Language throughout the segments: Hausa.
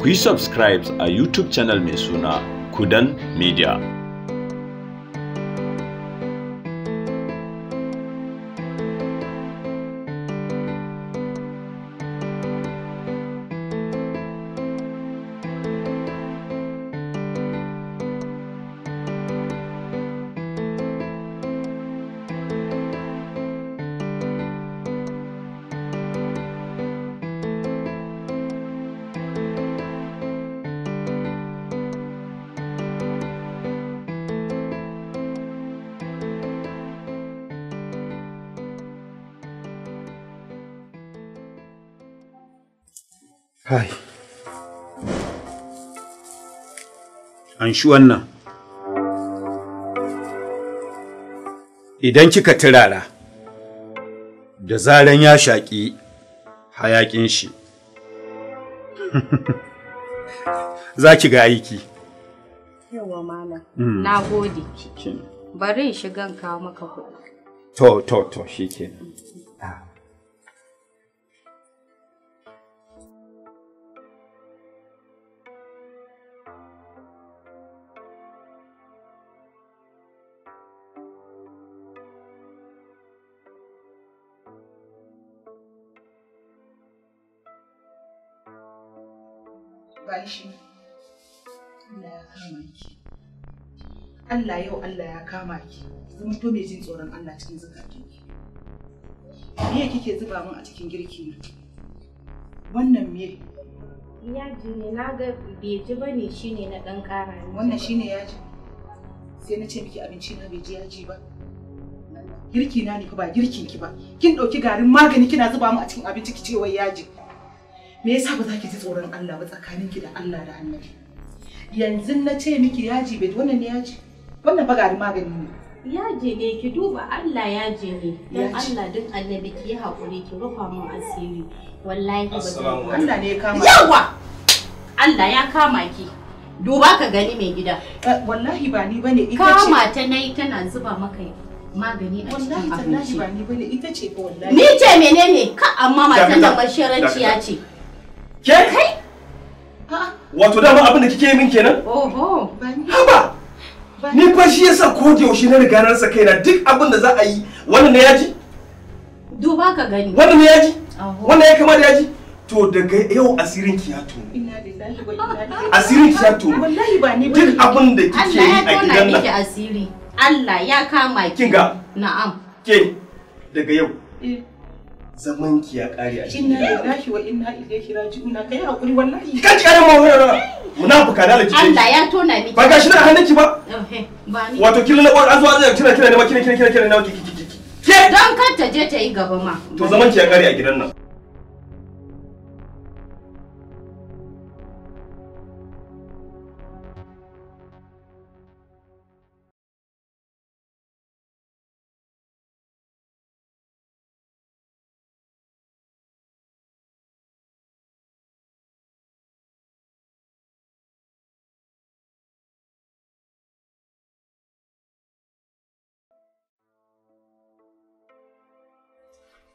ku yi subscribe a YouTube channel mai suna Kudan Media. Hai. An shi wannan. Idan kika turara, da zaran ya shaƙi hayaƙin shi, za ki ga aiki. Yawa mana, hmm. na gode. Bari shigan kawo maka kuɗi. To, to, to, shi kenan. Mm. Ah. Allah yau Allah ya kama ki zama to me jin tsoron Allah cikin zakatun ki me kike zuba min a cikin girki wannan me yaji ne na ga bai ji bane shine na dan kara ne. wannan shine yaji sai na ce miki abinci na bai ji yaji ba girki na ne fa ba girkin ki ba kin dauki garin magani kina zuba mun a cikin abinci ki ce wai yaji me yasa ba za ki ji tsoron Allah ba tsakaninki da Allah da Annabi yanzu na ce miki yaji bai wannan ne yaji wannan fa gari magani ne yaji ne ki duba Allah yaji ne dan Allah duk annabi ki hakuri ki rufa mu asiri wallahi ba Allah ne ya kama yawa Allah ya kama ki duba ka gani mai gida eh, wallahi ba ni bane ita ce kama ta nayi tana zuba maka magani a cikin abinci wallahi ba ni bane ita ce fa wallahi ni ce menene ka amma matan da ya ce ke kai a'a wato dama abin da kike yi min kenan oho haba ni fa shi yasa ko da yaushe na riga na rasa kaina duk abin da za a yi wannan ne yaji duba ka gani wannan ne yaji wannan ya kama da yaji to daga yau asirin ki ya tono asirin ki ya tono wallahi ba ni ba. duk abin da kike yi a gidan nan Allah ya kama ki Kinga. na'am ke daga yau Eh. zaman ki ya kare a cikin gida inna lillahi wa inna kira ji una kai hakuri wallahi kan ki kare mu munafika da lalace Allah ya tona miki ba gashi na hannun ki ba wato kin na an zo an kira kira ne ma kira kira kira ne na ki ki ki ke don kar ta je ta yi gaba ma to zaman ki ya kare a gidan nan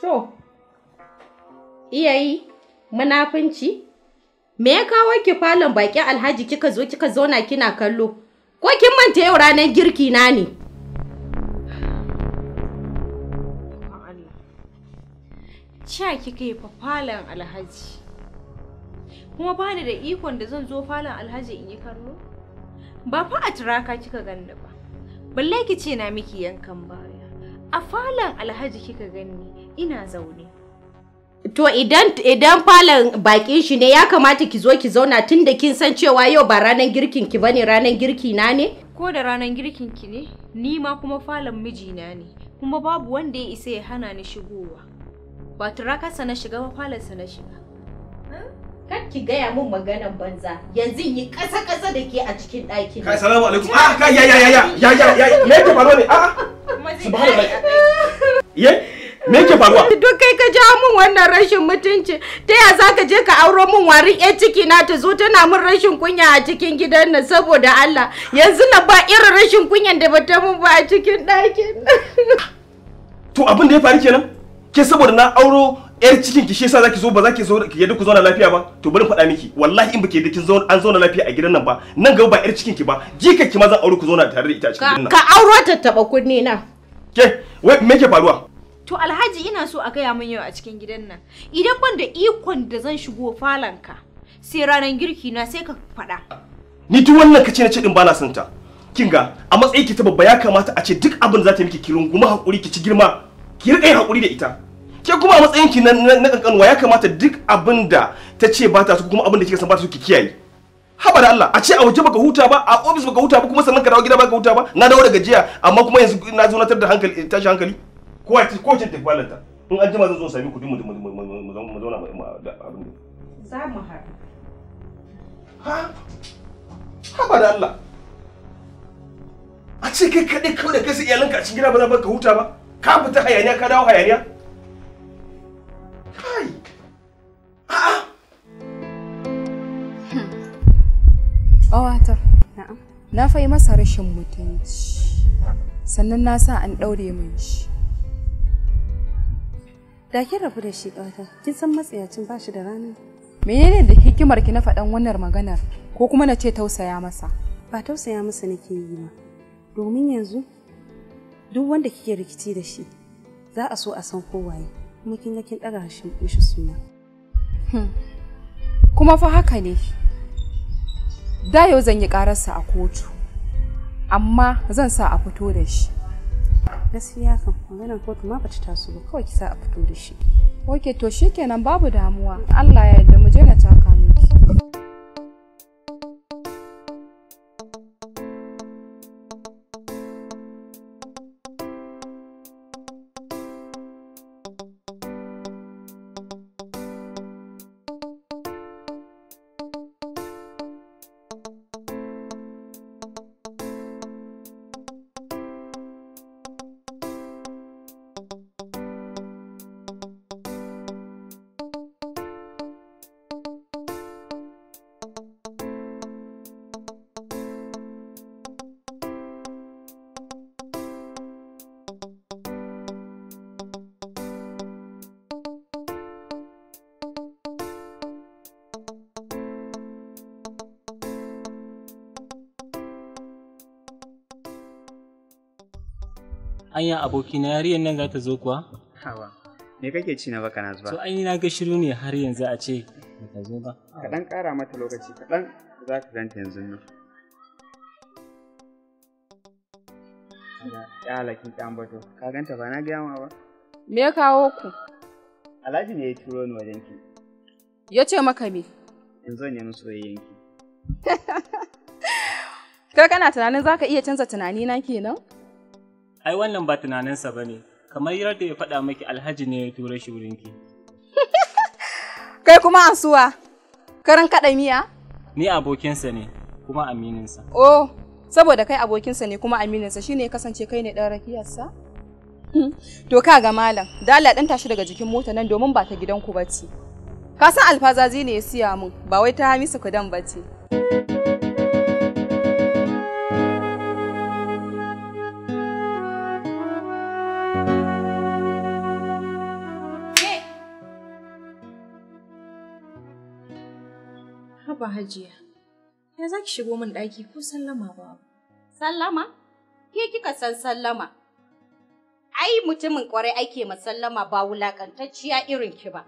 To, iya munafunci? Me ya kawo ki falon baƙi alhaji kika zo kika zauna kina kallo? Ko kin manta yau ranar girki na ne? Cha kika yi falon alhaji. Kuma ba da ikon da zan zo falon alhaji in yi kallo? Ba fa a turaka kika ganda ba. Balle ki ce na miki yankan ba. a falon alhaji kika gani ina zaune to idan idan falon bakin shi ne ya kamata ki zo ki zauna tun da kin san cewa yau ba ranar girkin ki bane ranar girki na ne ko da ranar girkin ki ne ni ma kuma falon mijina ne kuma babu wanda ya isa ya hana ni shigowa ba turakarsa na shiga ba falonsa na shiga kar ki gaya min maganan banza yanzu yi kasa kasa da ke a cikin ɗakin kai salamu alaikum a ah, kai ya ya ya ya ya ya ya me yake faruwa ne ah, a subhanallah ye me yake faruwa duk kai ka ja min wannan rashin mutunci ta ya za ka je ka auro min warin yar ciki na ta zo tana min rashin kunya a cikin gidan nan saboda Allah yanzu na ba irin rashin kunyan da bata min ba a cikin ɗakin to abin da ya faru kenan ke saboda na auro yar cikin ki shi yasa zaki zo ba zaki zo ki yadda ku zauna lafiya ba to bari faɗa miki wallahi in baki yadda kin zauna an zauna lafiya a gidan nan ba nan gaba ba yar cikin ki ba jika ki ma zan aure ku zauna tare da ita a cikin gidan nan ka auro ta taba kunne na ke wai me ke faruwa to alhaji ina so a gaya min yau a cikin gidan nan idan ban da ikon da zan shigo falon ka sai ranar girki na sai ka faɗa ni duk wannan kace na ce din bana son ta kin ga a matsayin ki ta babba ya kamata a ce duk abin da za ta miki ki runguma hakuri ki ci girma ki rika yin hakuri da ita ke kuma a matsayin ki na kankanwa ya kamata duk abinda ta ce ba ta so kuma abinda kika san ba ta so ki kiyaye haba da Allah a ce a waje baka huta ba a office baka huta ba kuma sannan ka dawo gida baka huta ba na dawo daga jiya amma kuma yanzu na zo na tar da hankali eh, tashi hankali ko a ko cin takwalanta in an jima zan zo sami kudi mu mu mu zauna mu abin da za mu haɗu ha haba da Allah a ce kai kaɗai kawai da kai sai iyalanka a cikin gida ba za ka huta ba ka fita hayaniya ka dawo hayaniya na fa masa rashin mutunci sannan na sa an ɗaure min shi da kin rabu da shi ƙawata kin san matsayacin bashi da rana menene da hikimar ki na faɗan wannan maganar ko kuma na ce tausaya masa ba tausaya masa nake yi ba domin yanzu duk wanda kike rikici da shi za a so a san kowaye kuma kin ga kin ɗaga shi mishi suna hmm. kuma fa haka ne da yau zan yi ƙararsa a kotu amma zan sa a fito da shi gaskiya kan magana kotu ma bata taso ba kawai ki sa a fito da shi ok to shikenan babu damuwa Allah ya yarda mu je na ta anya abokina yariyan nan za ta zo kuwa? Hawa, me kake ci na baka na zuba? To an yi na ga shiru ne har yanzu a ce ba ta zo ba. Kaɗan ƙara mata lokaci kaɗan za ka ganta yanzu nan. Ya halakin ta ambato, ka ganta ba na gaya ma ba. Me ya kawo ku? Alhaji ne ya turo ni wajen ki. Ya ce maka me? Yanzu ne musu ki. Kai kana tunanin za ka iya canza tunani na kenan? ai wannan ba tunaninsa ba ne kamar yadda ya faɗa maki alhaji ne ya tura shi wurinki kai kuma ansuwa karan kaɗa miya ni abokinsa ne kuma amininsa oh saboda kai abokinsa ne kuma amininsa shine ya kasance kai ne ɗan rakiyarsa hmm. to ka ga malam dala ɗan tashi daga jikin mota nan domin ba ta gidanku ce. ka san alfazazi ne ya siya mun ba wai ta hamisu kudan ce. hajiya. Ya za ki shigo min ɗaki ko sallama ba? Sallama? Ke kika san sallama. Ai mutumin ƙwarai ake ma sallama ba wulaƙantacciya irin ki ba.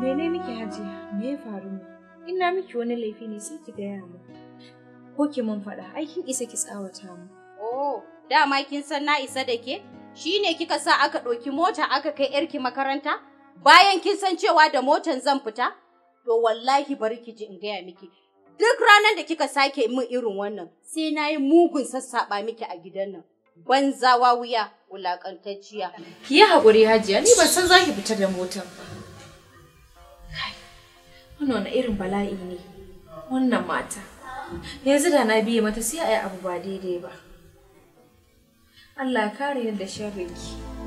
Mene miki hajiya? Me ya faru ne? Ina miki wani laifi ne sai ki gaya mu. Ko ki mun faɗa, ai kin isa ki tsawata mu. Oh, dama kin san na isa da ke? Shi ne kika sa aka ɗauki mota aka kai 'yarki makaranta? bayan kin san cewa da motan zan fita to wallahi bari ki ji in gaya miki duk ranar da kika sake min irin wannan sai na yi mugun sassaɓa miki a gidan nan banzawa wuya wulaƙantacciya. Ki yi haƙuri hajiya ni ban san za ki fita da motan ba. Wannan wani irin bala'i ne wannan mata. Yanzu da na biye mata sai a yi abu ba daidai ba. Allah kare ni da sharrinki. ki.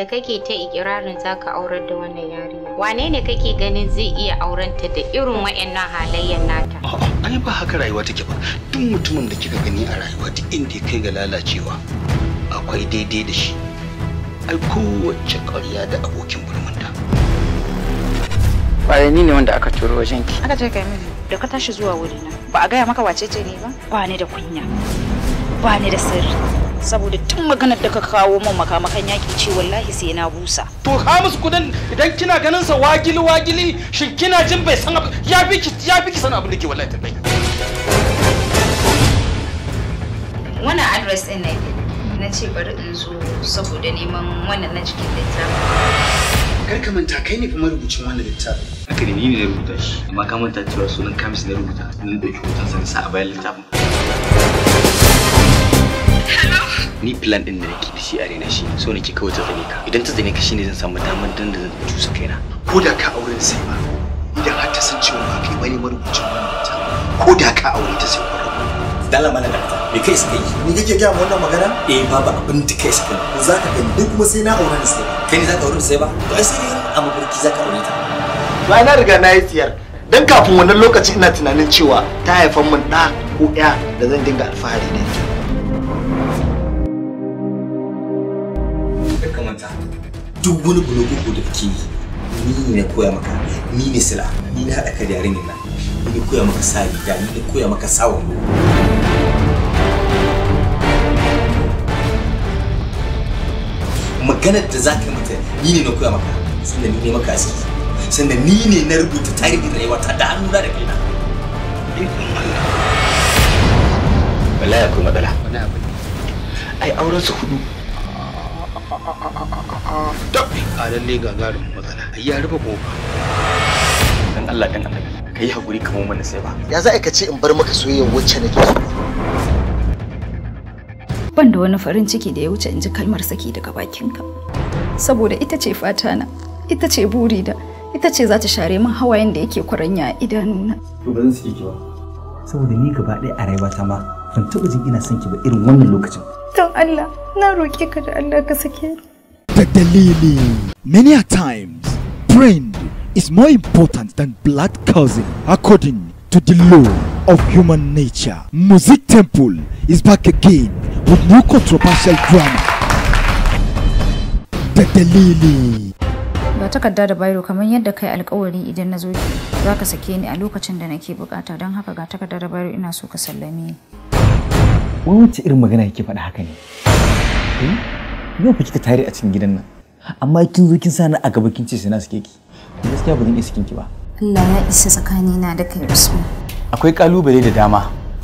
da kake ta ikirarin zaka aurar da wannan yarinya wane ne kake ganin zai iya aurenta da irin wa'annan halayyar nata a'a ai ba haka rayuwa take ba duk mutumin da kika gani a rayuwa duk inda ya kai ga lalacewa akwai daidai da shi ai kowace ƙarya da abokin bulmunta ba ni ne wanda aka turo wajen ki aka ce kai mini da ka tashi zuwa wurina ba a gaya maka wace ce ne ba ba ni da kunya ba ni da sirri saboda tun maganar da ka kawo min makamakan yaki ce wallahi sai na busa to ka musu kudin idan kina ganin sa wagili wagili shin kina jin bai san ya fi ki ya fi ki san abin da ke wallahi tabbai. wannan address din ne na ce bari in zo saboda neman wannan na cikin littafin kar ka manta kai ne fa marubucin wannan littafin haka ne ni ne na rubuta shi amma ka manta cewa sunan kamis na rubuta nan ke hoton sa a bayan littafin Hello? ni plan din da nake da shi a raina shi so nake kawai ta tsane ka idan ta tsane ka shine zan samu damar dan da zan cusa kaina ko da ka aure sai ba idan har ta san cewa ba kai bane marubucin wannan ta ko da ka aure ta sai kwarar dala malaka me kai sai ni kake ga wannan magana eh babu abin da kai sai ko za ka gani duk kuma sai na aure ni sai kai ne za ka aure sai ba to ai sai a mafarki za ka aure ta to ai na riga na yi tiyar dan kafin wannan lokaci ina tunanin cewa ta haifan mun da ko ya da zan dinga alfahari ne. duk wani bulogogo da kake ni ne koya maka ni ne sila ni na haɗa ka da yarin nan ni ne koya maka sa riga ni ne koya maka sa wando maganar da za ka mata ni ne na koya maka sannan ni ne maka asiri sannan ni ne na rubuta tarihin ta da hannu da kaina wallahi akwai matsala ai auren su hudu a lalle gagarin matsala ai ya rufe kofa dan Allah dan Allah kai hakuri kamar mana sai ba ya za ka ce in bar maka soyayyar wacce nake so ban da wani farin ciki da ya wuce in ji kalmar saki daga bakinka saboda ita ce fatana, ita ce buri da ita ce za ta share min hawayen da yake kwaranya a idanuna to ba zan sike ki ba saboda ni gaba ɗaya a rayuwata ma ban taɓa jin ina son ki ba irin wannan lokacin don Allah na roƙe ka da Allah ka sake da dalili many a times brain is more important than blood cousin according to the law of human nature music temple is back again with new controversial drama da dalili ga takarda da bairo kamar yadda kai alkawari idan na zo za ka sake ni a lokacin da nake bukata don haka ga takarda da bairo ina so ka sallame ni wace irin magana yake faɗa haka ne eh? yau fa kika tare a cikin gidan nan amma kin zo kin sani a gaba kin ce sai na sake ki gaskiya ba zan iya sakin ki ba Allah ya isa na da kai Usman akwai kalubale da dama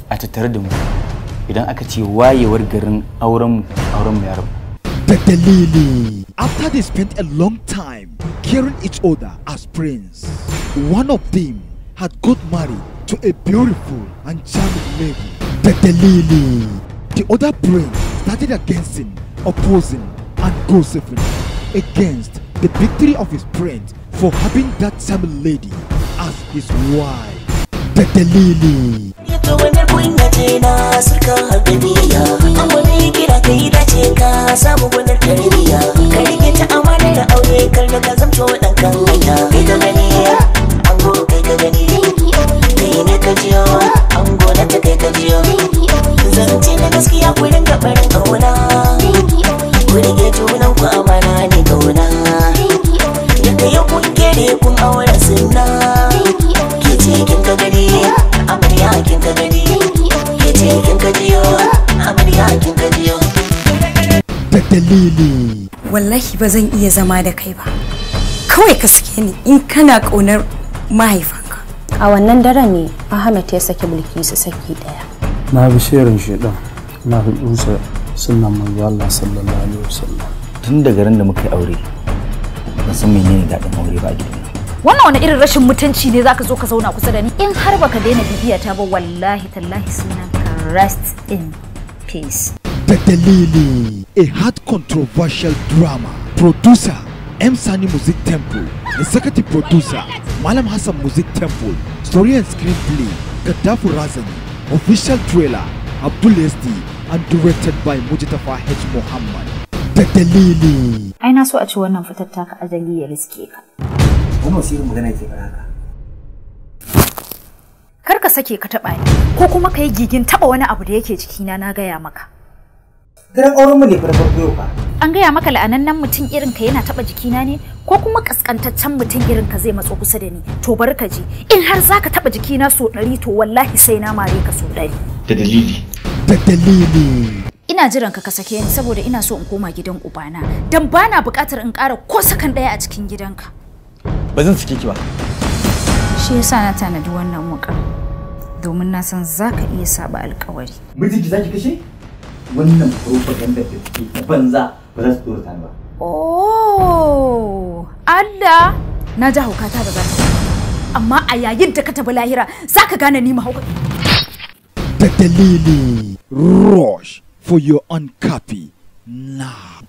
a tattare da mu idan aka ce wayewar garin auren mu auren mu ya rabu da dalili after they spent a long time caring each other as friends one of them had got married to a beautiful and charming lady Petelili. The other brain started against him, opposing and gossiping against the victory of his friend for having that same lady as his wife. Petelili. Ka rike ta amana da aure kar da ka zamto wadankan hanya. Ita kai ka gani kai ne ka jiyo ango na ta kai ka jiyo zance na gaskiya ku dinga barin kauna ku rike junan ku amana ne kauna daga yau kun kere kun aure sunna ke ce kin ka gani amarya kin ka gani ke ce kin ka jiyo amarya kin ka jiyo da dalili wallahi ba zan iya zama da kai ba kawai ka suke ni in kana ƙaunar mahaifanka a wannan daren ne ahmed ya saki mulki su saki daya na bi shirin shaidan na fi dusa sunan manzo Allah sallallahu alaihi wasallam tun daga ran da muka yi aure Ba san menene daɗin aure ba a gidan wannan wani irin rashin mutunci ne zaka zo ka zauna kusa da ni in har baka daina bibiya ta ba wallahi tallahi sunan ka rest in peace da dalili a hard controversial drama producer M Sani Music Temple executive producer Malam Hassan Music Temple, story and screenplay Gaddafi Razani, official trailer Abdul SD and directed by Mujitafa H. Muhammad. Da dalili. Ai na so a ci wannan fitar taka ajali ya riske ka. Wannan wasu irin magana ke faɗa Kar ka sake ka taɓa ni ko kuma ka yi gigin taɓa wani abu da yake jikina na gaya maka. Daren auren mu ne farkon yau ba. An gaya maka la'anan nan mutum irin ka yana taɓa jikina ne ko kuma kaskantaccen mutum irin ka zai matso kusa da ni to bar ka ji in har zaka taba jikina so ɗari to wallahi sai na mare ka so ɗari da dalili da dalili ina jiran ka ka sake ni saboda ina so in koma gidan ubana dan bana buƙatar in ƙara ko sakan ɗaya a cikin gidanka ba zan sake ki ba shi yasa na tanadi wannan wuƙa domin na san zaka iya saba alƙawari mijinki zaki kashe wannan propaganda da take banza ba za su tura ta ba oh Oh! Allah! Na ji haukata da gani. Amma a yayin da ka tabi lahira za ka gane ni mahauka. Da dalili Rush for your own copy